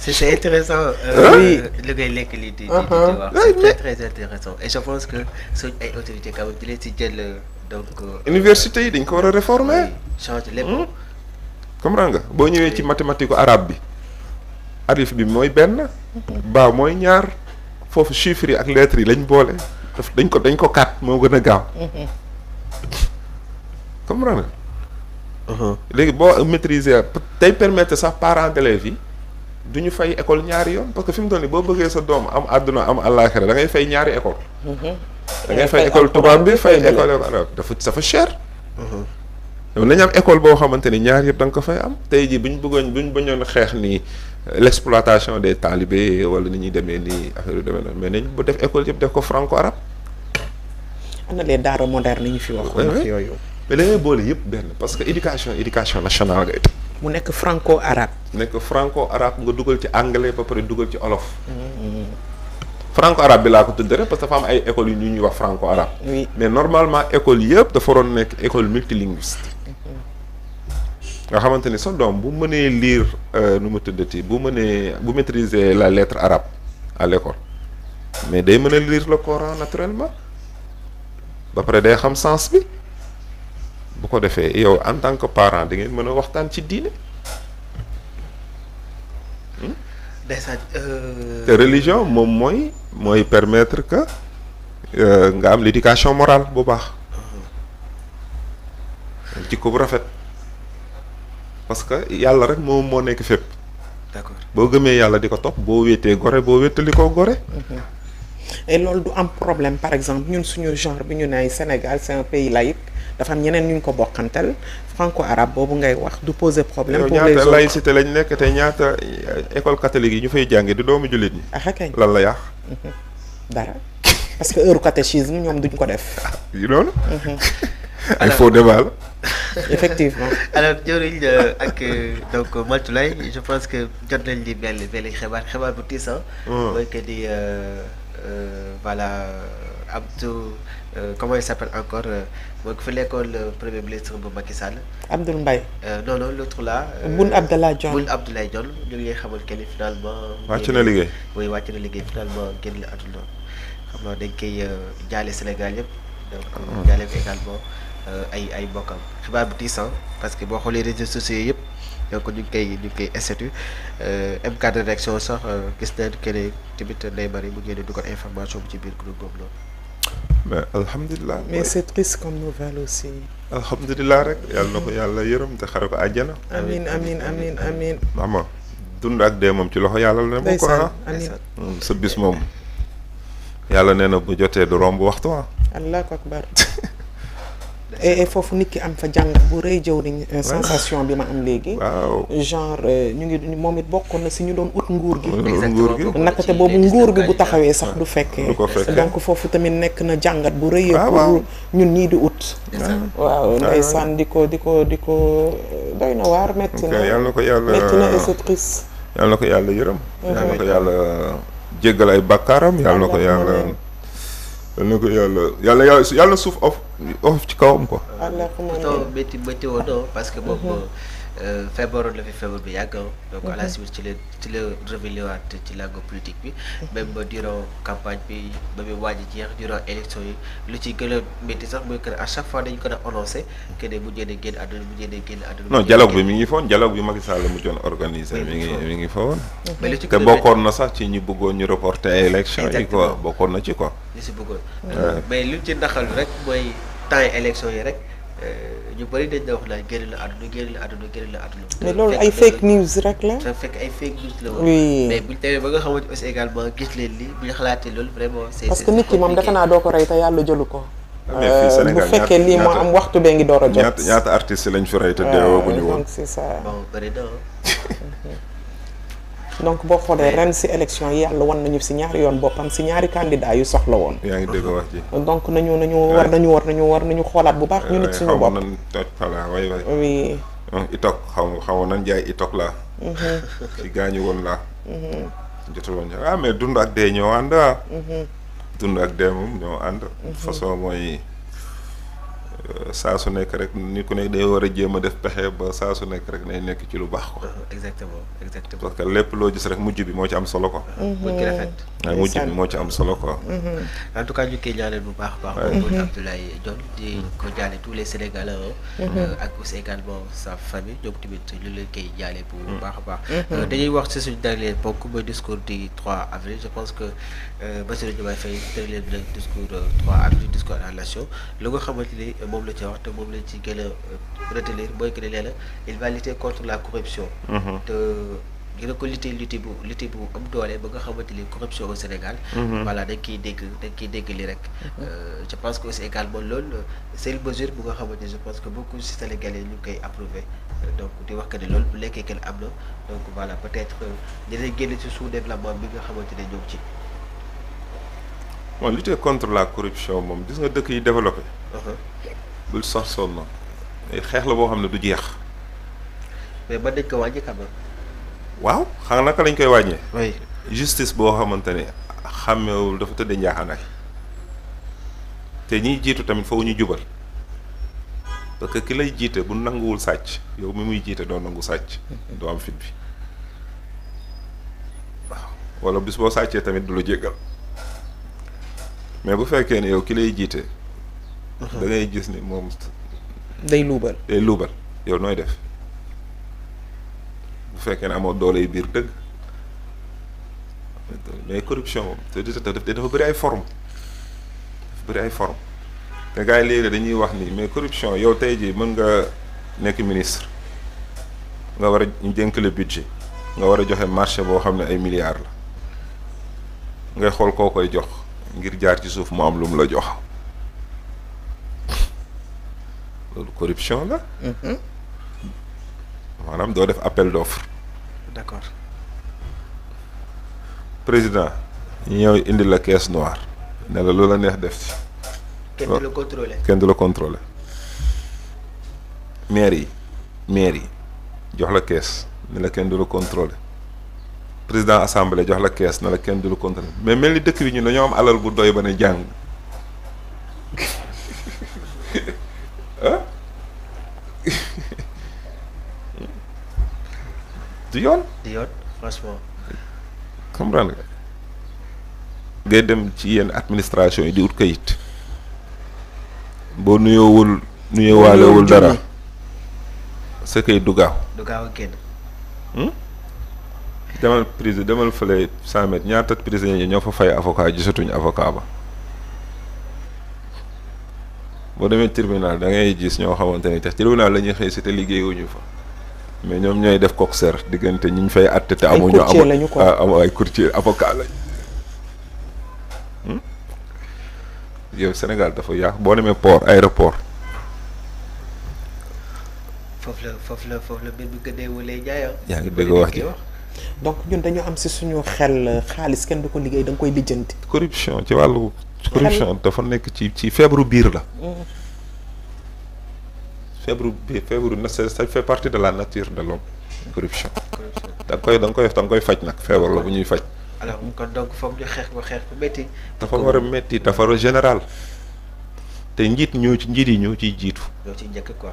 C'est intéressant. Euh, oui. Le lekk li di di wax. C'est très je pense que suñ ay autorités kaw di leen ci université yi dañ ko war a réformer. change lépp. Hmm? comprends nga boo ñëwee ci mathématique arabe bi. alif bi mooy benn. ba mooy ñaar. foofu chiffres ak lettres yi lañ boole. daf dañ ko dañ ko kat moo gën a gaaw. comprends nga. Uh-huh. léegi boo maîtriser tey permettre sax parent d'élèves yi du ñu fay école ñaari yoon parce que fi mu toll nii boo bëggee sa doom am àdduna am àllaaxira da ngay fay ñaari école uh-huh. da ngay fay école tubaab bi fay école arabe dafa dafa cher uh-huh. yow nañu am école boo xamante ni ñaar yëpp da nga ko fay am tey jii bu ñu bëggoon bu ñu bañoon xeex ni l'exploitation des talibés wala ni ñuy demee nii affaire yu demee noonu mais nañ bu def école yëpp def ko franco arabe am na les daara moderne yi yooyu mais da boole yëpp benn parce que éducation éducation nationale mu nekk franco arabe. nekk franco arabe nga dugal ci anglais ba pare dugal ci olof. Mm-hmm. franco arabe bi laa ko tudd rek parce que dafa am ay écoles yu ñuy wax franco arabe. oui mais normalement école yëpp dafa waroon nekk école multilinguiste. Mm-hmm. nga xamante ni sa doom bu mënee lire euh, nu mu tuddati bu mënee bu maîtriser la lettre arabe à l'école mais day mën a liir la Coran naturellement ba day xam sens bi. bu ko defee yow en tant que parent da ngeen mën a waxtaan ci diine. Hmm? ndeysaan. Euh, te religion moom mooy mooy permettre que euh, nga am l'éducation morale bu baax. jikko uh-huh. bu rafet. parce que yàlla rek moom moo nekk fépp. d'accord boo gëmee yàlla di ko topp boo wéetee gore boo wéetali koo gore. Uh-huh. et loolu du am problème par exemple ñun suñu genre bi ñu ne Sénégal c'est un pays laïque. dafa am ñeneen ñu ñu ko bokkantel franco arab boobu ngay wax du poser problème. pour les autres laïcité lañ nekk te ñaata euh, école catholique yi ñu fay jàngee di doomu jullit ñi. ah kay lan la mhm. parce que heure catéchisme ñoom duñ ko def. Ah, yu mhm. loolu. il faut débat la. effectivement alors jëriñ euh, ak euh, donc Maltulay je pense que jot nañ di benn benn xibaar xibaar bu tiisan. Hmm. mooy que di voilà. Abdou euh, comment il s'appelle encore euh, mooy ku fi nekkoon le euh, premier ministre bu Macky Sall. Abdoul Mbaye. non non l'autre là. Boun Abdallah Dionne Boun Abdallah Dionne xamal que finalement. wàcc na liggéey oui wàcc na liggéey finalement génn àdduna xam naa dañ koy jaale Sénégal yëpp. donc ah. ko également ay ay mbokkam xibaar bu tiis parce que boo xoolee réseaux sociaux yëpp. donc ñu ngi koy ñu ngi koy statut M4 réaction sax gis nañu que ne tamit Neymar yi mu génne information ci biir groupe mais alhamdulilah. mais c'est triste comme nouvelle aussi. alhamdulilah rek yàlla na ko yàlla yërëm te xare ko àjjana. amiin amiin amiin amiin. ama dund ak dee moom ci loxo yàlla la. day sa amiin sa bis moom. yàlla nee na bu jotee du romb waxtu ah. foofu nit ki am fa jàngat bu rëy jëwriñ euh, sensation bi ma am léegi genre euh, ñu ngi moom it bokkoon na si ñu doon ut nguur gi nguur gi nakate boobu nguur gi bu taxawee sax du fekkee donc foofu tamit nekk na jàngat bu rëy ah, pour ñun nii di ut waaw ah, ndeysaan di ko di ko di ko doy metti na yàlla na ko yàlla na yàlla ko yàlla yërëm yàlla na ko yàlla jéggal ay bàkkaaram yàlla yàlla yàlla suuf of oyof ci kawam ko alhamdulilah métti woon na parce que boobu euh, feebaroon la fi feebar bi yàgg ah. donc à la mhm. suite ci la ci la révélé waat ci làngu politique bi. Mhm. même ba durant campagne bi ba muy waaj a jeex durant élection yi lu ci gën a sax mooy que à chaque fois dañu ko doon annoncé que ne bu njëriñ génn àdduna bu njëriñ génn àdduna. non dialogue bi mi ngi foon dialogue bi Macky Sall mu doon organisé. mi ngi mi ngi foon. Mhm. te bokkoon na sax ci ñu bëggoon ñu reporter élection yi quoi bokkoon na ci quoi. ñu si bëggoon mais lu ci ndaxal rek temps yi élection rek euh, ñu bëri dañ na wax naan la àdduna génn la àdduna génn la àdduna. mais loolu ay fake news rek la. dafa fekk ay fake news la woon. mais buñ demee ba nga xamante aussi également gis leen lii bu xalaatee loolu parce que nit ki moom defe naa doo ko rey te yàlla jëlu ko. Ah, euh, bu fekkee lii moo am waxtu bee ngi door a jot. ñaata ñaata artistes lañ fi rey te deewee bu ñu woon. donc boo xoolee ren si élection yi yàlla wan nañu si ñaari yoon boppam si ñaari candidat yu soxla woon. yaa ngi dégg wax ji. donc nañu nañu war nañu war nañu war nañu xoolaat bu baax. ñu nit suñu bopp xaw waay waay. oui. itok xaw xaw nan jaay itok laa. ci mhm. gaañu woon laa. Mhm. jotul woon ah mais dund ak dee ñoo ànd ah. Mhm. dund ak dee moom ñoo ànd. façon mooy. Euh, saa su nekk rek nit ku nekk day war a jéem a def pexe ba saa su nekk rek nay nekk ci lu baax ko ah, exactement exactement parce que lépp loo gis rek mujj bi moo ci am solo ko mm-hmm. mujj rafet bi moo ci am solo ko mm-hmm. en tout bu baax baax boobu mm-hmm. Abdoulaye Dione di euh, sa famille ñoom tamit ñu leen koy a baax euh, dañuy wax ci suñu dernier bokk mooy discours du 3 avril je pense que Bassirou Diomaye Faye dernier discours 3 avril discours à la nation nga xamante ni moom la ci wax te moom lañ ci gën a euh, retenir mooy que ne nee il va lutter contre la corruption. Mm-hmm. te dina ko lutter lutter bu am doole ba nga xamante corruption au Sénégal. Mm-hmm. voilà dañ kiy dégg dañ kiy dégg li rek. Mm-hmm. Euh, je pense que aussi également loolu c'est mesure bu nga xamante je pense que beaucoup de Sénégalais ñu koy approuver donc di wax que ne loolu bu lekkee kenn am na donc voilà peut-être euh, dinañ génn ci sous-développement bi nga xamante ne ci. bon lutter contre la corruption moom gis nga dëkk yi développé. Uh-huh. bul sax sonn na xeex la boo xam ne du jeex. ba dañ ko wàññi quand waaw xam naka lañ koy wàññee. oui justice boo xamante ne xàmmewul dafa tëddee njaaxaanaay te ñiy jiitu tamit foofu ñu jubal parce que ki lay jiite bu nanguwul sàcc yow mi muy jiite doo nangu sàcc doo am fit bi waaw wala bis boo sàccee tamit du la jéggal. mais bu fekkee ne yow ki lay jiite. Uh-huh. dangay gis ni moom. day luubal day luubal yow nooy def bu fekkee na amoo doole yu biir dëgg mais corruption moom te dafa bëri ay form dafa bëri ay form te gars yi léegi dañuy wax ni mais corruption yow tey jii mën nga nekk ministre nga war a jënk le budget nga war a joxe marché boo xam ne ay milliards la ngay xool koo koy jox. ngir jaar ci suuf mu am lu mu la jox loolu corruption la. Mm-hmm. maanaam doo def appel d'offre. d'accord. président ñëw indi la caisse noire ne la loola neex def ci. kenn du la oh. contrôlé kenn du la maire yi maire yi jox la kees ne la kenn du la contrôlé. président assemblée jox la kees na la kenn du la contrôler mais mel ni dëkk bi ñu dañoo am alal bu doy ba ne jàng yoon. du yoon franchement. ngay dem ci yenn administration yi di ut kayit. boo nuyoowul nuyoowaaleewul dara. sa kayit du gaaw. demal prison demal fële cent mètres ñaata prisonniers ñoo fa fay avocat gisatuñu avocat ba boo demee tribunal da ngay gis ñoo xamante ni te tribunal la ñuy xëy si te liggéeyuñu fa mais ñoom ñooy def coxer diggante ñu ñu fay àtte te amuñu ah, am ay courtier avocat lañ hmm? yow Sénégal dafa yàq boo demee port aéroport foofu la foofu la foofu bi gëddee wulee jaayoo yaa ngi dégg wax ji donc ñun dañoo am si suñu xel xaalis kenn du ko liggéey da koy lijjanti. corruption ci wàllu. corruption dafa nekk ci ci feebaru biir la. Mm. feebaru biir feebaru na ça fait partie de la nature de l'homme corruption. da nga koy da koy faj nag feebar la bu ñuy faj. alors ko xeex bu métti. dafa war a métti dafa war général. te njiit ñoo ci njiit yi ñoo ci jiitu. ñoo ciy quoi.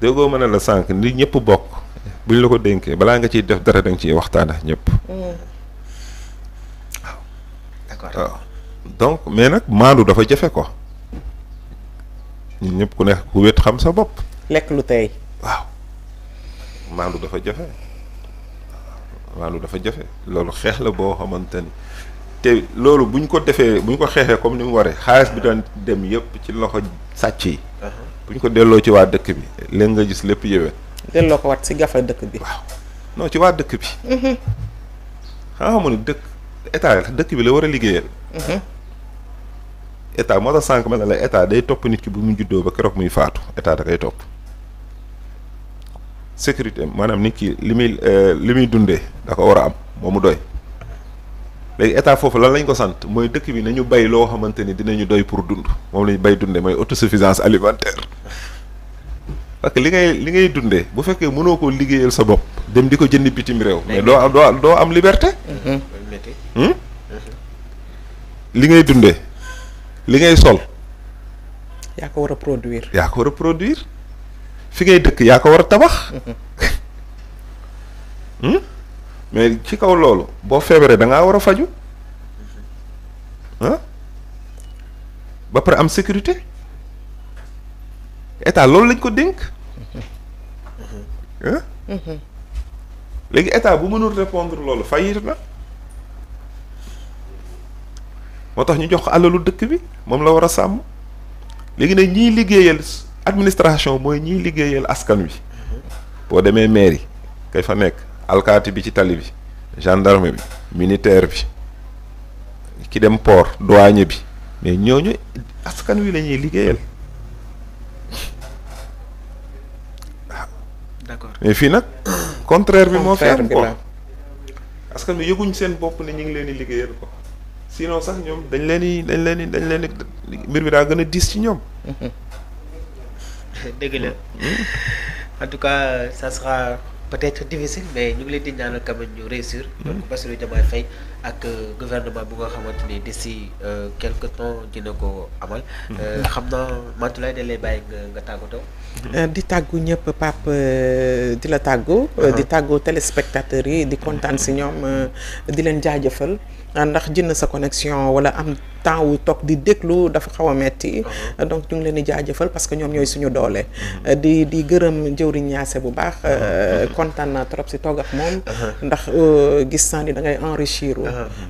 déggoo ma ne la sànq nit ñëpp bokk. bu ñu la ko dénkee balaa nga ciy def dara da nga ciy waxtaan ak hmm. donc mais nag maandu dafa jafe ko ñun ñëpp ku ne ku wét xam sa bopp. lekk lu tey. waaw maandu dafa jafe maandu dafa jafe loolu xeex la boo xamante ni te loolu buñ ko defee buñ ko xeexee comme ni mu waree xaalis bi daan dem yëpp ci loxo sàcc yi. Uh-huh. buñ ko delloo ci waa dëkk bi léegi nga gis lépp yéwén. delloo ko wat si gafa dëkk bi. waaw non ci waa dëkk bi. Mhm. xam nga ni dëkk état dëkk bi la war a liggéeyal. Mhm. état moo tax sànq ma la la état day topp nit ki bu mu juddoo ba keroog muy faatu état da koy topp. sécurité maanaam ni ki li muy euh, li muy dundee da ko war a am moo mu doy. léegi état foofu lan lañ ko sant mooy dëkk bi nañu bay loo xamante ni dinañu doy pour dund moom lañu bay dundee mooy autosuffisance alimentaire. parce que li ngay li ngay dundee bu fekkee mënoo koo liggéeyal sa bopp dem di ko jënd bitim réew mais doo am doo doo am liberté mm-hmm. hmm? li ngay dunde li ngay sol yaa ko war a produire yaa war a produire fi ngay dëkk yaa ko war a tabax mm-hmm. hmm? mais ci kaw loolu boo feebaree da ngaa war a faju ah ba pare am sécurité état loolu lañ ko dénk Mhm. léegi état bu mënul répondre loolu faillir na moo tax ñu jox ko àllalu dëkk bi moom la war a sàmm léegi nag ñiy liggéeyal administration mooy ñiy liggéeyal askan wi mhm. boo demee mairie kay fa nekk alkaati bi ci tali bi gendarme bi militaire bi ki dem port douane bi mais ñooñu askan wi lañuy liggéeyal d'accord mais fii nag contraire bi moo fi am quoi askan bi yëguñ seen bopp ne ñu ngi leen di liggéeyal ko sinon sax ñoom dañ leen di dañ leen di dañ leen di mbir bi daa gën a diis ci ñoom dëgg la en tout cas ça sera peut-être difficile mais ñu ngi leen di ñaanal quand ñu réussir mm-hmm. donc Bassirou Diomaye Faye ak euh, gouvernement bu nga xamante ni d'ici euh, quelque temps dina ko amal. Mhm. Euh, xam naa Mantoulaye dañ lay bàyyi nga nga tàggatoo. di tàggu ñëpp Pape di la tàggu. Mhm. di tàggu téléspectateurs yi di kontaan si ñoom di leen jaajëfal. Ah, ndax jënd sa connexion wala am temps wu toog di déglu dafa xaw a metti mhm. donc ñu ngi leen di jaajëfal parce que ñoom ñooy suñu doole. di di gërëm jëwriñ ñaase bu baax. kontaan naa trop si toog ak moom. ndax gis naa ni da enrichir.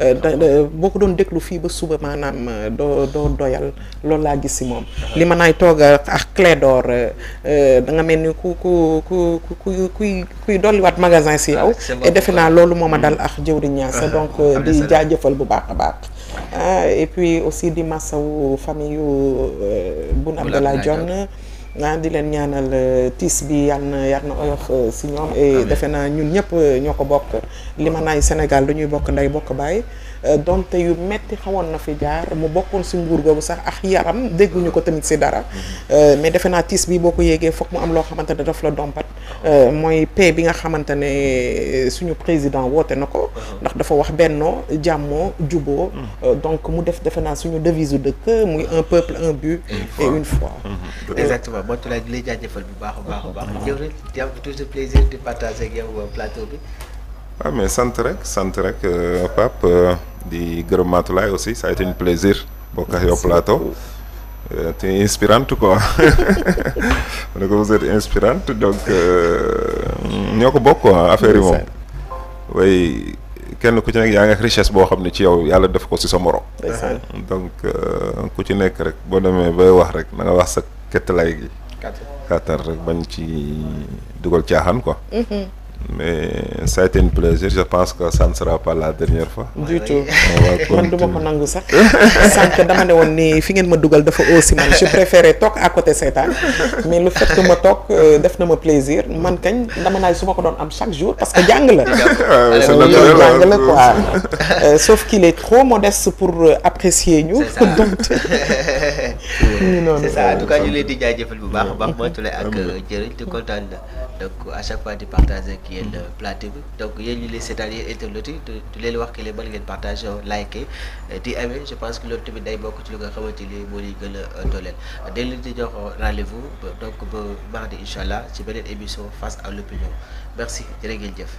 Euh, boo ko doon déglu fii ba suba maanaam euh, doo doo doyal loolu laa gis si moom li man naay toog ak Clédor euh, da nga mel ni ku ku ku ku kuy kuy wat magasin si yow et defe naa loolu moom mm-hmm. a dal ak jëwriñ Niass ah, donc ah, di jaajëfal bu baax a baax ah, et puis aussi di massawu famille yu Boun Abdallah ah di leen ñaanal euh, tiis bi yal na yal na oyof euh, si ñoom. defe naa ñun ñëpp euh, ñoo ko bokk. li ma naay Sénégal dañuy bokk nday bokk bàyyi. Euh, donte yu metti xawoon na fi jaar mu bokkoon si nguur googu sax ak yaram dégguñu ko tamit si dara mhm. euh, mais defe naa tiis bi boo ko yéegee foog mu am loo xamante ne daf la dompat euh, mooy paix bi nga xamante ne suñu président woote na ko mhm. ndax dafa wax bennoo jàmmoo juboo mhm. donc mu def defe naa suñu devise dëkk muy un peuple un but et une foi exactement moo tax lay jaajëfal bu baax a baax a baax yow mm-hmm. rek di am toujours plaisir di partager ak bi waaw ah, sant rek sant rek Pape di gërëm Matulaay aussi ça a été un plaisir bokk ak yow plateau euh, tu es quoi ma ne ko vous êtes inspirante euh, ñoo ko bokk quoi affaire yi moom way kenn ku ci nekk yaa ngi ak boo xam ne ci yow yàlla def ko si sa morom donc euh, ku ci nekk rek boo demee bay wax rek na nga wax sa kettalay gi kàttan rek bañ ci dugal caaxaan quoi mhm. mais sa a été plaisir je pense que ça ne sera pas la dernière fois. du tout man du ma ko nangu sax. sànq dama ne woon ni fi ngeen ma dugal dafa aussi man je préférais toog à côté seetaan mais le fait que ma toog euh, def na ma plaisir man kañ dama naay su ma ko doon am chaque jour parce que jàng la. loolu jàng la quoi. Euh, sauf qu'il est trop modeste pour euh, apprécier ñu. donc. c'est ça en ñu leen di jaajëfal bu baax a baax moytule ak jëriñ te kontaan na donc à chaque fois di partager ak yéen mm-hmm. plateau bi donc yéen ñu leen seetaan yéen internet yi leen wax ki leen mën ngeen partager liker eh, di amee je pense que loolu tamit day bokk ci lu nga xamante ni moo leen gën a euh, dooleel dañ di jox rendez donc ba mardi incha allah ci beneen émission face à l'opinion merci jërë ngeen jëf